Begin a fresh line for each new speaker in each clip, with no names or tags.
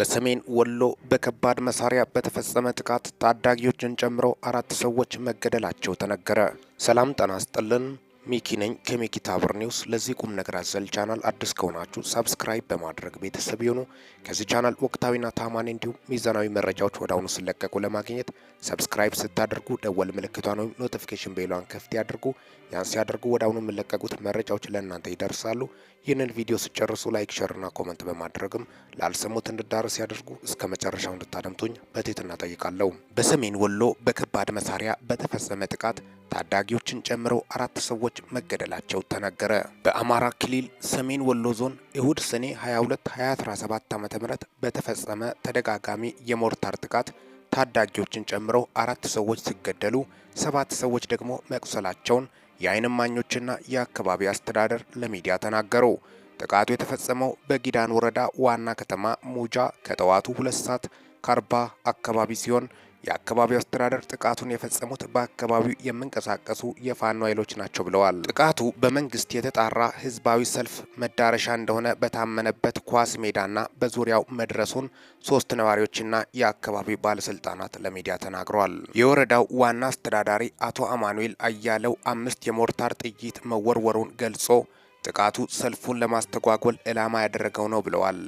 በሰሜን ወሎ በከባድ መሳሪያ በተፈጸመ ጥቃት ታዳጊዎችን ጨምሮ አራት ሰዎች መገደላቸው ተነገረ። ሰላም ጠና ስጥልን ሚኪ ነኝ ከሚኪ ታቦር ኒውስ። ለዚህ ቁም ነገር አዘል ቻናል አዲስ ከሆናችሁ ሰብስክራይብ በማድረግ ቤተሰብ የሆኑ ከዚህ ቻናል ወቅታዊና ታማኒ እንዲሁም ሚዛናዊ መረጃዎች ወደ አሁኑ ሲለቀቁ ለማግኘት ሰብስክራይብ ስታደርጉ ደወል ምልክቷን ወይም ኖቲፊኬሽን ቤሏን ክፍት ያድርጉ። ያን ሲያደርጉ ወደ አሁኑ የሚለቀቁት መረጃዎች ለእናንተ ይደርሳሉ። ይህንን ቪዲዮ ሲጨርሱ ላይክ፣ ሸርና ኮመንት በማድረግም ላልሰሙት እንድዳረስ ያደርጉ። እስከ መጨረሻው እንድታደምቱኝ በትህትና ጠይቃለሁ። በሰሜን ወሎ በከባድ መሳሪያ በተፈጸመ ጥቃት ታዳጊዎችን ጨምሮ አራት ሰዎች መገደላቸው ተነገረ። በአማራ ክልል ሰሜን ወሎ ዞን እሁድ ሰኔ 22 2017 ዓ.ም በተፈጸመ ተደጋጋሚ የሞርታር ጥቃት ታዳጊዎችን ጨምሮ አራት ሰዎች ሲገደሉ ሰባት ሰዎች ደግሞ መቁሰላቸውን የዓይን እማኞችና የአካባቢ አስተዳደር ለሚዲያ ተናገሩ። ጥቃቱ የተፈጸመው በጊዳን ወረዳ ዋና ከተማ ሙጃ ከጠዋቱ ሁለት ሰዓት ከአርባ አካባቢ ሲሆን የአካባቢው አስተዳደር ጥቃቱን የፈጸሙት በአካባቢው የሚንቀሳቀሱ የፋኖ ኃይሎች ናቸው ብለዋል። ጥቃቱ በመንግስት የተጣራ ህዝባዊ ሰልፍ መዳረሻ እንደሆነ በታመነበት ኳስ ሜዳና በዙሪያው መድረሱን ሶስት ነዋሪዎችና የአካባቢው ባለስልጣናት ለሚዲያ ተናግረዋል። የወረዳው ዋና አስተዳዳሪ አቶ አማኑኤል አያለው አምስት የሞርታር ጥይት መወርወሩን ገልጾ ጥቃቱ ሰልፉን ለማስተጓጎል ዕላማ ያደረገው ነው ብለዋል።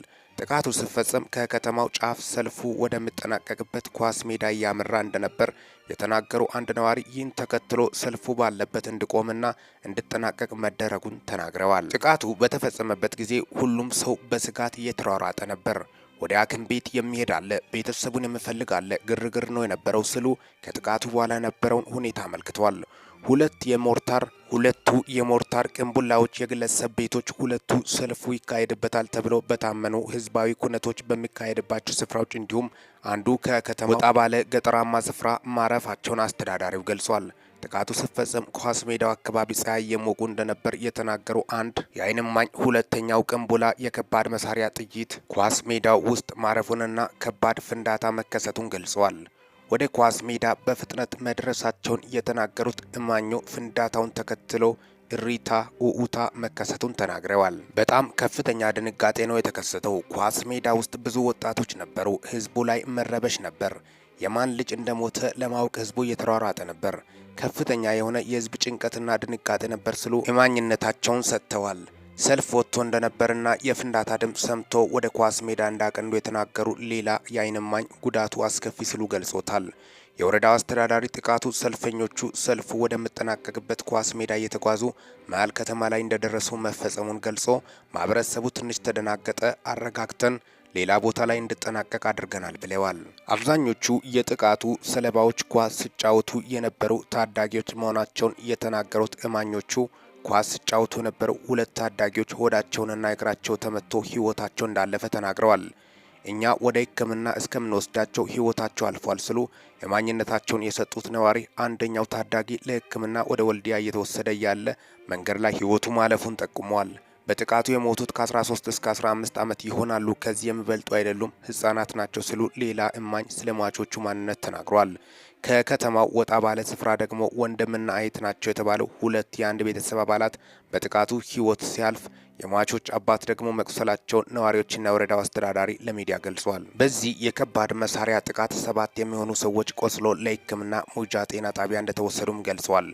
ጥቃቱ ሲፈጸም ከከተማው ጫፍ ሰልፉ ወደሚጠናቀቅበት ኳስ ሜዳ እያመራ እንደነበር የተናገሩ አንድ ነዋሪ ይህን ተከትሎ ሰልፉ ባለበት እንዲቆምና እንዲጠናቀቅ መደረጉን ተናግረዋል። ጥቃቱ በተፈጸመበት ጊዜ ሁሉም ሰው በስጋት እየተሯሯጠ ነበር። ወደ ሐኪም ቤት የሚሄድ አለ፣ ቤተሰቡን የምፈልግ አለ፣ ግርግር ነው የነበረው ስሉ ከጥቃቱ በኋላ የነበረውን ሁኔታ አመልክቷል። ሁለት የሞርታር ሁለቱ የሞርታር ቅንቡላዎች የግለሰብ ቤቶች ሁለቱ ሰልፉ ይካሄድበታል ተብሎ በታመኑ ህዝባዊ ኩነቶች በሚካሄድባቸው ስፍራዎች እንዲሁም አንዱ ከከተማ ወጣ ባለ ገጠራማ ስፍራ ማረፋቸውን አስተዳዳሪው ገልጿል። ጥቃቱ ሲፈጸም ኳስ ሜዳው አካባቢ ፀሐይ የሞቁ እንደነበር የተናገሩ አንድ የአይን እማኝ ሁለተኛው ቀን ቦላ የከባድ መሳሪያ ጥይት ኳስ ሜዳው ውስጥ ማረፉንና ከባድ ፍንዳታ መከሰቱን ገልጸዋል። ወደ ኳስ ሜዳ በፍጥነት መድረሳቸውን የተናገሩት እማኞ ፍንዳታውን ተከትሎ እሪታ ኡኡታ መከሰቱን ተናግረዋል። በጣም ከፍተኛ ድንጋጤ ነው የተከሰተው። ኳስ ሜዳ ውስጥ ብዙ ወጣቶች ነበሩ። ህዝቡ ላይ መረበሽ ነበር። የማን ልጅ እንደሞተ ለማወቅ ህዝቡ እየተሯሯጠ ነበር። ከፍተኛ የሆነ የህዝብ ጭንቀትና ድንጋጤ ነበር ሲሉ የማኝነታቸውን ሰጥተዋል። ሰልፍ ወጥቶ እንደነበርና የፍንዳታ ድምፅ ሰምቶ ወደ ኳስ ሜዳ እንዳቀንዶ የተናገሩ ሌላ የአይን እማኝ ጉዳቱ አስከፊ ሲሉ ገልጾታል። የወረዳው አስተዳዳሪ ጥቃቱ ሰልፈኞቹ ሰልፉ ወደምጠናቀቅበት ኳስ ሜዳ እየተጓዙ መሀል ከተማ ላይ እንደደረሱ መፈጸሙን ገልጾ ማህበረሰቡ ትንሽ ተደናገጠ። አረጋግተን ሌላ ቦታ ላይ እንዲጠናቀቅ አድርገናል ብለዋል። አብዛኞቹ የጥቃቱ ሰለባዎች ኳስ ሲጫወቱ የነበሩ ታዳጊዎች መሆናቸውን የተናገሩት እማኞቹ ኳስ ሲጫወቱ የነበሩ ሁለት ታዳጊዎች ሆዳቸውንና እግራቸው ተመቶ ሕይወታቸው እንዳለፈ ተናግረዋል። እኛ ወደ ሕክምና እስከምንወስዳቸው ሕይወታቸው አልፏል ስሉ የማኝነታቸውን የሰጡት ነዋሪ አንደኛው ታዳጊ ለሕክምና ወደ ወልዲያ እየተወሰደ እያለ መንገድ ላይ ሕይወቱ ማለፉን ጠቁመዋል። በጥቃቱ የሞቱት ከ13 እስከ 15 ዓመት ይሆናሉ፣ ከዚህ የሚበልጡ አይደሉም፣ ህጻናት ናቸው ሲሉ ሌላ እማኝ ስለ ሟቾቹ ማንነት ተናግሯል። ከከተማው ወጣ ባለ ስፍራ ደግሞ ወንድምና አይት ናቸው የተባለው ሁለት የአንድ ቤተሰብ አባላት በጥቃቱ ህይወት ሲያልፍ የሟቾች አባት ደግሞ መቁሰላቸውን ነዋሪዎችና የወረዳው አስተዳዳሪ ለሚዲያ ገልጿል። በዚህ የከባድ መሳሪያ ጥቃት ሰባት የሚሆኑ ሰዎች ቆስሎ ለሕክምና ሙጃ ጤና ጣቢያ እንደተወሰዱም ገልጿል።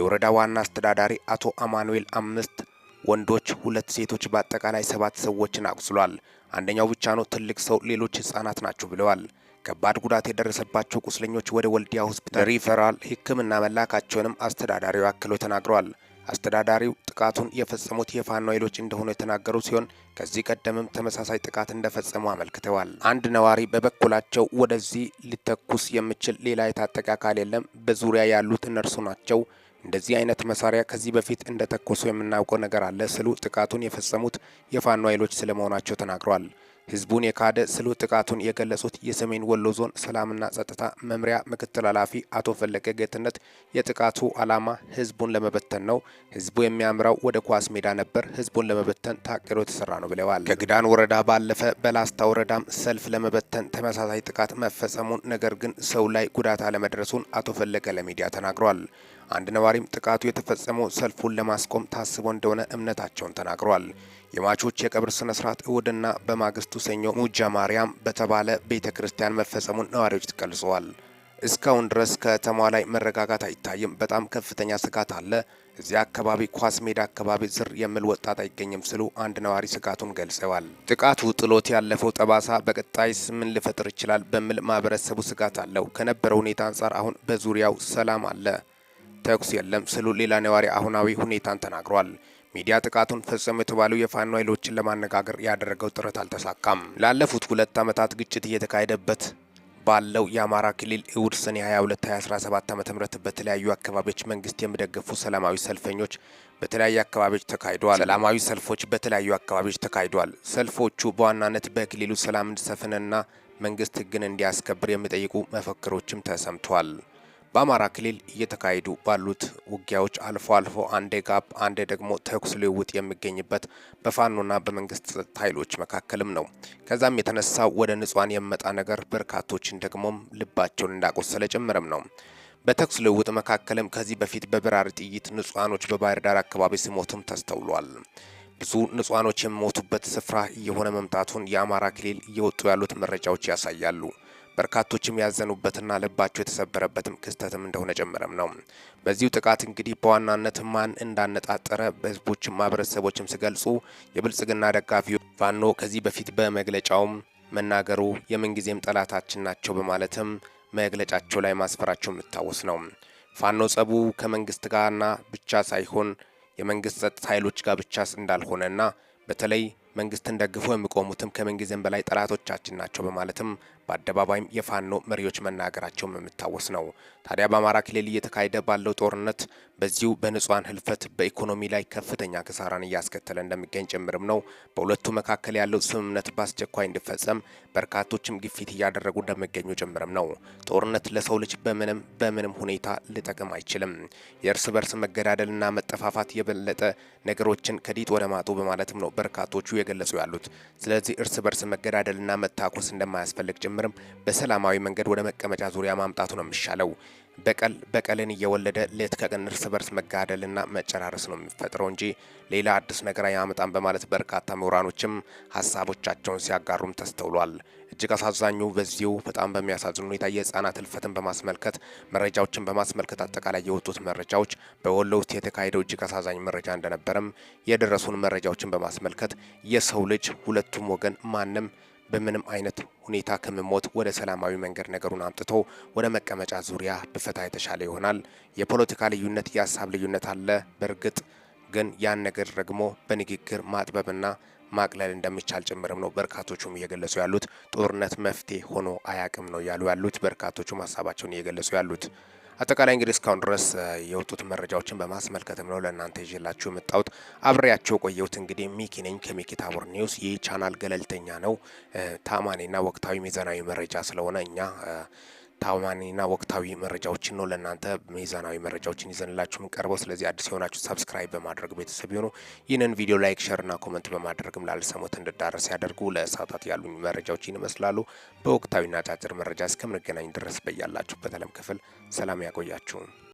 የወረዳ ዋና አስተዳዳሪ አቶ አማኑኤል አምስት ወንዶች ሁለት ሴቶች በአጠቃላይ ሰባት ሰዎችን አቁስሏል። አንደኛው ብቻ ነው ትልቅ ሰው፣ ሌሎች ህጻናት ናቸው ብለዋል። ከባድ ጉዳት የደረሰባቸው ቁስለኞች ወደ ወልዲያ ሆስፒታል ሪፈራል ህክምና መላካቸውንም አስተዳዳሪው አክለው ተናግረዋል። አስተዳዳሪው ጥቃቱን የፈጸሙት የፋኖ ኃይሎች እንደሆኑ የተናገሩ ሲሆን ከዚህ ቀደምም ተመሳሳይ ጥቃት እንደፈጸሙ አመልክተዋል። አንድ ነዋሪ በበኩላቸው ወደዚህ ሊተኩስ የሚችል ሌላ የታጠቀ አካል የለም፣ በዙሪያ ያሉት እነርሱ ናቸው እንደዚህ አይነት መሳሪያ ከዚህ በፊት እንደተኮሰው የምናውቀው ነገር አለ ስሉ ጥቃቱን የፈጸሙት የፋኖ ኃይሎች ስለመሆናቸው ተናግረዋል። ህዝቡን የካደ ስሉ ጥቃቱን የገለጹት የሰሜን ወሎ ዞን ሰላምና ጸጥታ መምሪያ ምክትል ኃላፊ አቶ ፈለቀ ጌትነት የጥቃቱ ዓላማ ህዝቡን ለመበተን ነው። ህዝቡ የሚያምራው ወደ ኳስ ሜዳ ነበር። ህዝቡን ለመበተን ታቅዶ የተሰራ ነው ብለዋል። ከግዳን ወረዳ ባለፈ በላስታ ወረዳም ሰልፍ ለመበተን ተመሳሳይ ጥቃት መፈጸሙን፣ ነገር ግን ሰው ላይ ጉዳት አለመድረሱን አቶ ፈለቀ ለሚዲያ ተናግሯል። አንድ ነዋሪም ጥቃቱ የተፈጸመው ሰልፉን ለማስቆም ታስቦ እንደሆነ እምነታቸውን ተናግሯል። የሟቾች የቀብር ስነ ስርዓት እሁድና በማግስቱ ሰኞ ሙጃ ማርያም በተባለ ቤተ ክርስቲያን መፈጸሙን ነዋሪዎች ገልጸዋል። እስካሁን ድረስ ከተማዋ ላይ መረጋጋት አይታይም። በጣም ከፍተኛ ስጋት አለ። እዚያ አካባቢ ኳስ ሜዳ አካባቢ ዝር የሚል ወጣት አይገኝም ስሉ አንድ ነዋሪ ስጋቱን ገልጸዋል። ጥቃቱ ጥሎት ያለፈው ጠባሳ በቀጣይስ ምን ሊፈጥር ይችላል በሚል ማህበረሰቡ ስጋት አለው። ከነበረው ሁኔታ አንጻር አሁን በዙሪያው ሰላም አለ። ተኩስ የለም ስሉ ሌላ ነዋሪ አሁናዊ ሁኔታን ተናግሯል። ሚዲያ ጥቃቱን ፈጸሙ የተባሉ የፋኖ ኃይሎችን ለማነጋገር ያደረገው ጥረት አልተሳካም። ላለፉት ሁለት ዓመታት ግጭት እየተካሄደበት ባለው የአማራ ክልል እሁድ ሰኔ 22 2017 ዓ.ም በተለያዩ አካባቢዎች መንግስት የሚደግፉ ሰላማዊ ሰልፈኞች በተለያዩ አካባቢዎች ተካሂደዋል። ሰላማዊ ሰልፎች በተለያዩ አካባቢዎች ተካሂደዋል። ሰልፎቹ በዋናነት በክልሉ ሰላም እንዲሰፍንና መንግስት ህግን እንዲያስከብር የሚጠይቁ መፈክሮችም ተሰምተዋል። በአማራ ክልል እየተካሄዱ ባሉት ውጊያዎች አልፎ አልፎ አንዴ ጋብ አንዴ ደግሞ ተኩስ ልውውጥ የሚገኝበት በፋኖና በመንግስት ጸጥታ ኃይሎች መካከልም ነው። ከዛም የተነሳ ወደ ንጹሃን የመጣ ነገር በርካቶችን ደግሞም ልባቸውን እንዳቆሰለ ጭምርም ነው። በተኩስ ልውውጥ መካከልም ከዚህ በፊት በበራሪ ጥይት ንጹሃኖች በባህር ዳር አካባቢ ሲሞቱም ተስተውሏል። ብዙ ንጹሃኖች የሚሞቱበት ስፍራ እየሆነ መምጣቱን የአማራ ክልል እየወጡ ያሉት መረጃዎች ያሳያሉ። በርካቶችም ያዘኑበትና ልባቸው የተሰበረበትም ክስተትም እንደሆነ ጨምረም ነው። በዚሁ ጥቃት እንግዲህ በዋናነት ማን እንዳነጣጠረ በህዝቦችም ማህበረሰቦችም ሲገልጹ የብልጽግና ደጋፊው ፋኖ ከዚህ በፊት በመግለጫውም መናገሩ የምንጊዜም ጠላታችን ናቸው በማለትም መግለጫቸው ላይ ማስፈራቸው የሚታወስ ነው። ፋኖ ጸቡ ከመንግስት ጋርና ብቻ ሳይሆን የመንግስት ጸጥታ ኃይሎች ጋር ብቻ እንዳልሆነና በተለይ መንግስትን ደግፎ የሚቆሙትም ከምንጊዜም በላይ ጠላቶቻችን ናቸው በማለትም በአደባባይም የፋኖ መሪዎች መናገራቸውም የሚታወስ ነው። ታዲያ በአማራ ክልል እየተካሄደ ባለው ጦርነት በዚሁ በንጹሐን ህልፈት በኢኮኖሚ ላይ ከፍተኛ ክሳራን እያስከተለ እንደሚገኝ ጭምርም ነው። በሁለቱ መካከል ያለው ስምምነት በአስቸኳይ እንዲፈጸም በርካቶችም ግፊት እያደረጉ እንደሚገኙ ጭምርም ነው። ጦርነት ለሰው ልጅ በምንም በምንም ሁኔታ ሊጠቅም አይችልም። የእርስ በርስ መገዳደልና መጠፋፋት የበለጠ ነገሮችን ከዲጥ ወደ ማጡ በማለትም ነው በርካቶቹ የገለጹ ያሉት። ስለዚህ እርስ በርስ መገዳደልና መታኮስ እንደማያስፈልግ ጭምር ጭምርም በሰላማዊ መንገድ ወደ መቀመጫ ዙሪያ ማምጣቱ ነው የሚሻለው። በቀል በቀልን እየወለደ ሌት ከቀን እርስ በርስ መጋደልና መጨራረስ ነው የሚፈጥረው እንጂ ሌላ አዲስ ነገር አያመጣም በማለት በርካታ ምሁራኖችም ሀሳቦቻቸውን ሲያጋሩም ተስተውሏል። እጅግ አሳዛኙ በዚሁ በጣም በሚያሳዝን ሁኔታ የህጻናት ህልፈትን በማስመልከት መረጃዎችን በማስመልከት አጠቃላይ የወጡት መረጃዎች በወሎ ውስጥ የተካሄደው እጅግ አሳዛኝ መረጃ እንደነበረም የደረሱን መረጃዎችን በማስመልከት የሰው ልጅ ሁለቱም ወገን ማንም በምንም አይነት ሁኔታ ከመሞት ወደ ሰላማዊ መንገድ ነገሩን አምጥቶ ወደ መቀመጫ ዙሪያ ብፈታ የተሻለ ይሆናል። የፖለቲካ ልዩነት፣ የሀሳብ ልዩነት አለ በእርግጥ ግን ያን ነገር ደግሞ በንግግር ማጥበብና ማቅለል እንደሚቻል ጭምርም ነው በርካቶቹም እየገለጹ ያሉት። ጦርነት መፍትሄ ሆኖ አያቅም ነው ያሉ ያሉት በርካቶቹም ሀሳባቸውን እየገለጹ ያሉት አጠቃላይ እንግዲህ እስካሁን ድረስ የወጡት መረጃዎችን በማስመልከትም ነው ለእናንተ ይዤላችሁ የመጣሁት። አብሬያቸው ቆየሁት። እንግዲህ ሚኪ ነኝ ከሚኪ ታቦር ኒውስ። ይህ ቻናል ገለልተኛ ነው፣ ታማኒና ወቅታዊ ሚዛናዊ መረጃ ስለሆነ እኛ ታማኒና ወቅታዊ መረጃዎችን ነው ለእናንተ ሚዛናዊ መረጃዎችን ይዘንላችሁ የምንቀርበው። ስለዚህ አዲስ የሆናችሁ ሰብስክራይብ በማድረግ ቤተሰብ ሆኖ ይህንን ቪዲዮ ላይክ፣ ሸርና ኮመንት በማድረግም ላልሰሙት እንድዳረስ ያደርጉ። ለእሳታት ያሉኝ መረጃዎችን ይመስላሉ። በወቅታዊና አጫጭር መረጃ እስከምንገናኝ ድረስ በያላችሁበት ዓለም ክፍል ሰላም ያቆያችሁም።